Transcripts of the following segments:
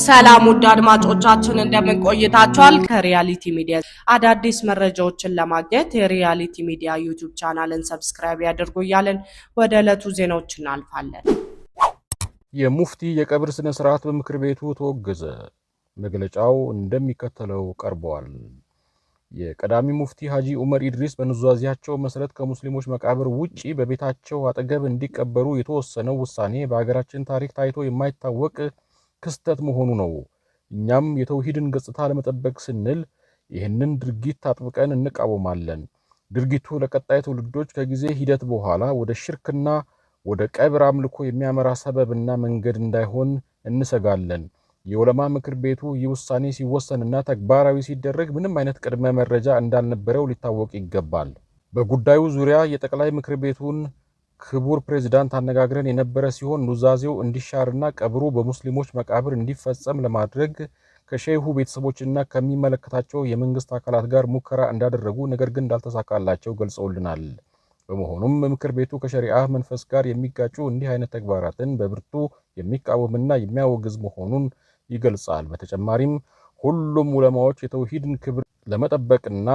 ሰላም ውድ አድማጮቻችን እንደምን ቆይታችኋል? ከሪያሊቲ ሚዲያ አዳዲስ መረጃዎችን ለማግኘት የሪያሊቲ ሚዲያ ዩቱብ ቻናልን ሰብስክራይብ ያድርጉ እያለን ወደ ዕለቱ ዜናዎች እናልፋለን። የሙፍቲ የቀብር ስነ ስርዓት በምክር ቤቱ ተወገዘ። መግለጫው እንደሚከተለው ቀርበዋል። የቀዳሚ ሙፍቲ ሀጂ ኡመር ኢድሪስ በኑዛዜያቸው መሰረት ከሙስሊሞች መቃብር ውጪ በቤታቸው አጠገብ እንዲቀበሩ የተወሰነው ውሳኔ በሀገራችን ታሪክ ታይቶ የማይታወቅ ክስተት መሆኑ ነው። እኛም የተውሂድን ገጽታ ለመጠበቅ ስንል ይህንን ድርጊት አጥብቀን እንቃወማለን። ድርጊቱ ለቀጣይ ትውልዶች ከጊዜ ሂደት በኋላ ወደ ሽርክና ወደ ቀብር አምልኮ የሚያመራ ሰበብና መንገድ እንዳይሆን እንሰጋለን። የዑለማ ምክር ቤቱ ይህ ውሳኔ ሲወሰንና ተግባራዊ ሲደረግ ምንም አይነት ቅድመ መረጃ እንዳልነበረው ሊታወቅ ይገባል። በጉዳዩ ዙሪያ የጠቅላይ ምክር ቤቱን ክቡር ፕሬዚዳንት አነጋግረን የነበረ ሲሆን ኑዛዜው እንዲሻርና ቀብሩ በሙስሊሞች መቃብር እንዲፈጸም ለማድረግ ከሼሁ ቤተሰቦችና ከሚመለከታቸው የመንግስት አካላት ጋር ሙከራ እንዳደረጉ ነገር ግን እንዳልተሳካላቸው ገልጸውልናል። በመሆኑም ምክር ቤቱ ከሸሪአ መንፈስ ጋር የሚጋጩ እንዲህ አይነት ተግባራትን በብርቱ የሚቃወምና የሚያወግዝ መሆኑን ይገልጻል። በተጨማሪም ሁሉም ዑለማዎች የተውሂድን ክብር ለመጠበቅና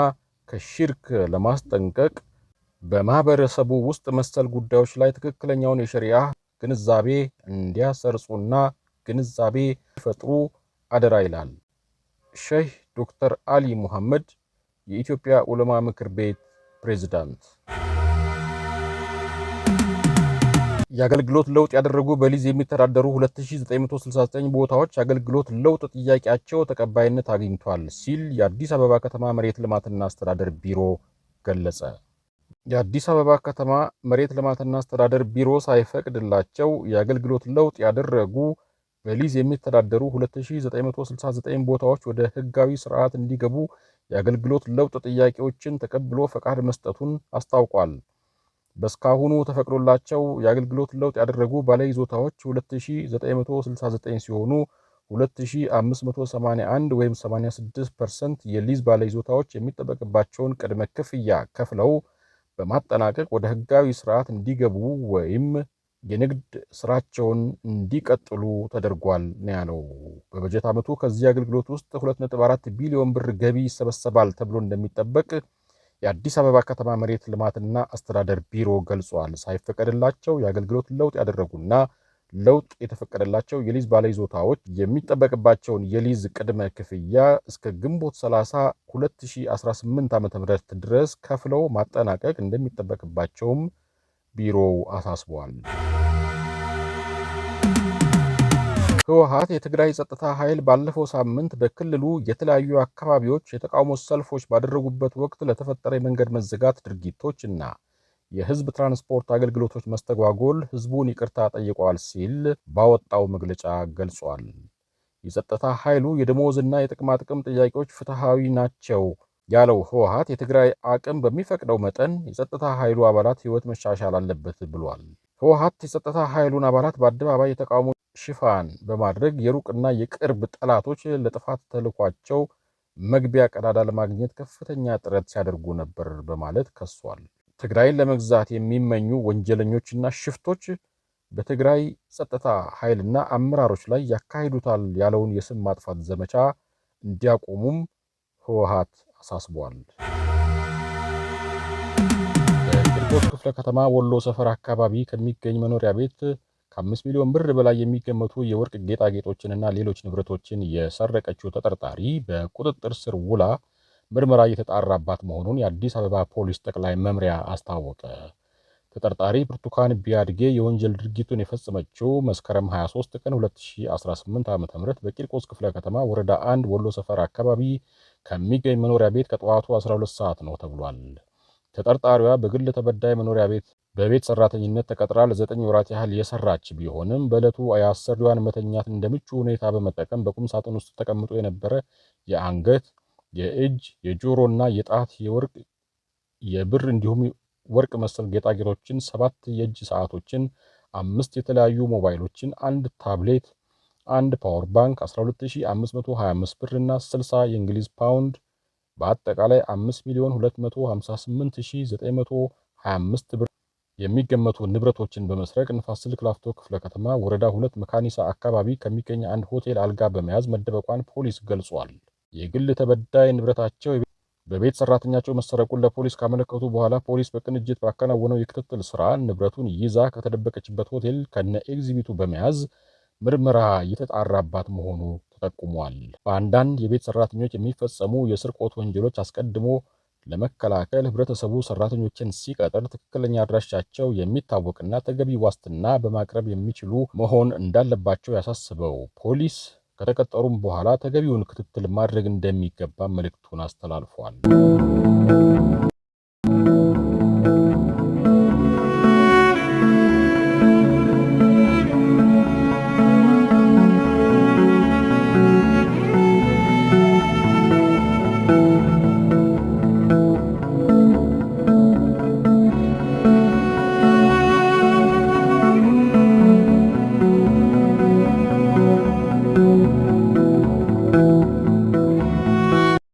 ከሽርክ ለማስጠንቀቅ በማህበረሰቡ ውስጥ መሰል ጉዳዮች ላይ ትክክለኛውን የሸሪያ ግንዛቤ እንዲያሰርጹና ግንዛቤ ፈጥሩ አደራ ይላል ሼህ ዶክተር አሊ ሙሐመድ የኢትዮጵያ ዑለማ ምክር ቤት ፕሬዝዳንት። የአገልግሎት ለውጥ ያደረጉ በሊዝ የሚተዳደሩ 2969 ቦታዎች የአገልግሎት ለውጥ ጥያቄያቸው ተቀባይነት አግኝቷል ሲል የአዲስ አበባ ከተማ መሬት ልማትና አስተዳደር ቢሮ ገለጸ። የአዲስ አበባ ከተማ መሬት ልማትና አስተዳደር ቢሮ ሳይፈቅድላቸው የአገልግሎት ለውጥ ያደረጉ በሊዝ የሚተዳደሩ 2969 ቦታዎች ወደ ህጋዊ ስርዓት እንዲገቡ የአገልግሎት ለውጥ ጥያቄዎችን ተቀብሎ ፈቃድ መስጠቱን አስታውቋል። በእስካሁኑ ተፈቅዶላቸው የአገልግሎት ለውጥ ያደረጉ ባለይዞታዎች 2969 ሲሆኑ 2581 ወይም 86 ፐርሰንት የሊዝ ባለይዞታዎች የሚጠበቅባቸውን ቅድመ ክፍያ ከፍለው በማጠናቀቅ ወደ ህጋዊ ስርዓት እንዲገቡ ወይም የንግድ ስራቸውን እንዲቀጥሉ ተደርጓል ነው ያለው። በበጀት ዓመቱ ከዚህ አገልግሎት ውስጥ 2.4 ቢሊዮን ብር ገቢ ይሰበሰባል ተብሎ እንደሚጠበቅ የአዲስ አበባ ከተማ መሬት ልማትና አስተዳደር ቢሮ ገልጿል። ሳይፈቀድላቸው የአገልግሎት ለውጥ ያደረጉና ለውጥ የተፈቀደላቸው የሊዝ ባለይዞታዎች የሚጠበቅባቸውን የሊዝ ቅድመ ክፍያ እስከ ግንቦት 30 2018 ዓ ም ድረስ ከፍለው ማጠናቀቅ እንደሚጠበቅባቸውም ቢሮው አሳስቧል። ህወሓት የትግራይ ጸጥታ ኃይል ባለፈው ሳምንት በክልሉ የተለያዩ አካባቢዎች የተቃውሞ ሰልፎች ባደረጉበት ወቅት ለተፈጠረ የመንገድ መዘጋት ድርጊቶች እና የህዝብ ትራንስፖርት አገልግሎቶች መስተጓጎል ህዝቡን ይቅርታ ጠይቋል ሲል ባወጣው መግለጫ ገልጿል። የጸጥታ ኃይሉ የደሞዝና የጥቅማጥቅም ጥያቄዎች ፍትሐዊ ናቸው ያለው ህወሀት የትግራይ አቅም በሚፈቅደው መጠን የጸጥታ ኃይሉ አባላት ህይወት መሻሻል አለበት ብሏል። ህወሀት የጸጥታ ኃይሉን አባላት በአደባባይ የተቃውሞ ሽፋን በማድረግ የሩቅና የቅርብ ጠላቶች ለጥፋት ተልኳቸው መግቢያ ቀዳዳ ለማግኘት ከፍተኛ ጥረት ሲያደርጉ ነበር በማለት ከሷል። ትግራይን ለመግዛት የሚመኙ ወንጀለኞችና ሽፍቶች በትግራይ ጸጥታ ኃይልና አመራሮች ላይ ያካሂዱታል ያለውን የስም ማጥፋት ዘመቻ እንዲያቆሙም ህወሓት አሳስቧል። በቂርቆስ ክፍለ ከተማ ወሎ ሰፈር አካባቢ ከሚገኝ መኖሪያ ቤት ከአምስት ሚሊዮን ብር በላይ የሚገመቱ የወርቅ ጌጣጌጦችንና ሌሎች ንብረቶችን የሰረቀችው ተጠርጣሪ በቁጥጥር ስር ውላ ምርመራ እየተጣራባት መሆኑን የአዲስ አበባ ፖሊስ ጠቅላይ መምሪያ አስታወቀ። ተጠርጣሪ ብርቱካን ቢያድጌ የወንጀል ድርጊቱን የፈጸመችው መስከረም 23 ቀን 2018 ዓ ም በቂርቆስ ክፍለ ከተማ ወረዳ አንድ ወሎ ሰፈር አካባቢ ከሚገኝ መኖሪያ ቤት ከጠዋቱ 12 ሰዓት ነው ተብሏል። ተጠርጣሪዋ በግል ተበዳይ መኖሪያ ቤት በቤት ሰራተኝነት ተቀጥራ ለዘጠኝ ወራት ያህል የሰራች ቢሆንም በዕለቱ የአሰሪዋን መተኛት እንደምቹ ሁኔታ በመጠቀም በቁም ሳጥን ውስጥ ተቀምጦ የነበረ የአንገት የእጅ፣ የጆሮ እና የጣት የወርቅ የብር እንዲሁም ወርቅ መሰል ጌጣጌጦችን፣ ሰባት የእጅ ሰዓቶችን፣ አምስት የተለያዩ ሞባይሎችን፣ አንድ ታብሌት፣ አንድ ፓወር ባንክ 12525 ብር እና 60 የእንግሊዝ ፓውንድ በአጠቃላይ 5258925 ብር የሚገመቱ ንብረቶችን በመስረቅ ንፋስ ስልክ ላፍቶ ክፍለ ከተማ ወረዳ ሁለት መካኒሳ አካባቢ ከሚገኝ አንድ ሆቴል አልጋ በመያዝ መደበቋን ፖሊስ ገልጿል። የግል ተበዳይ ንብረታቸው በቤት ሰራተኛቸው መሰረቁን ለፖሊስ ካመለከቱ በኋላ ፖሊስ በቅንጅት ባከናወነው የክትትል ስራ ንብረቱን ይዛ ከተደበቀችበት ሆቴል ከነ ኤግዚቢቱ በመያዝ ምርመራ እየተጣራባት መሆኑ ተጠቁሟል። በአንዳንድ የቤት ሰራተኞች የሚፈጸሙ የስርቆት ወንጀሎች አስቀድሞ ለመከላከል ህብረተሰቡ ሰራተኞችን ሲቀጥር ትክክለኛ አድራሻቸው የሚታወቅና ተገቢ ዋስትና በማቅረብ የሚችሉ መሆን እንዳለባቸው ያሳስበው ፖሊስ ከተቀጠሩም በኋላ ተገቢውን ክትትል ማድረግ እንደሚገባ መልእክቱን አስተላልፏል።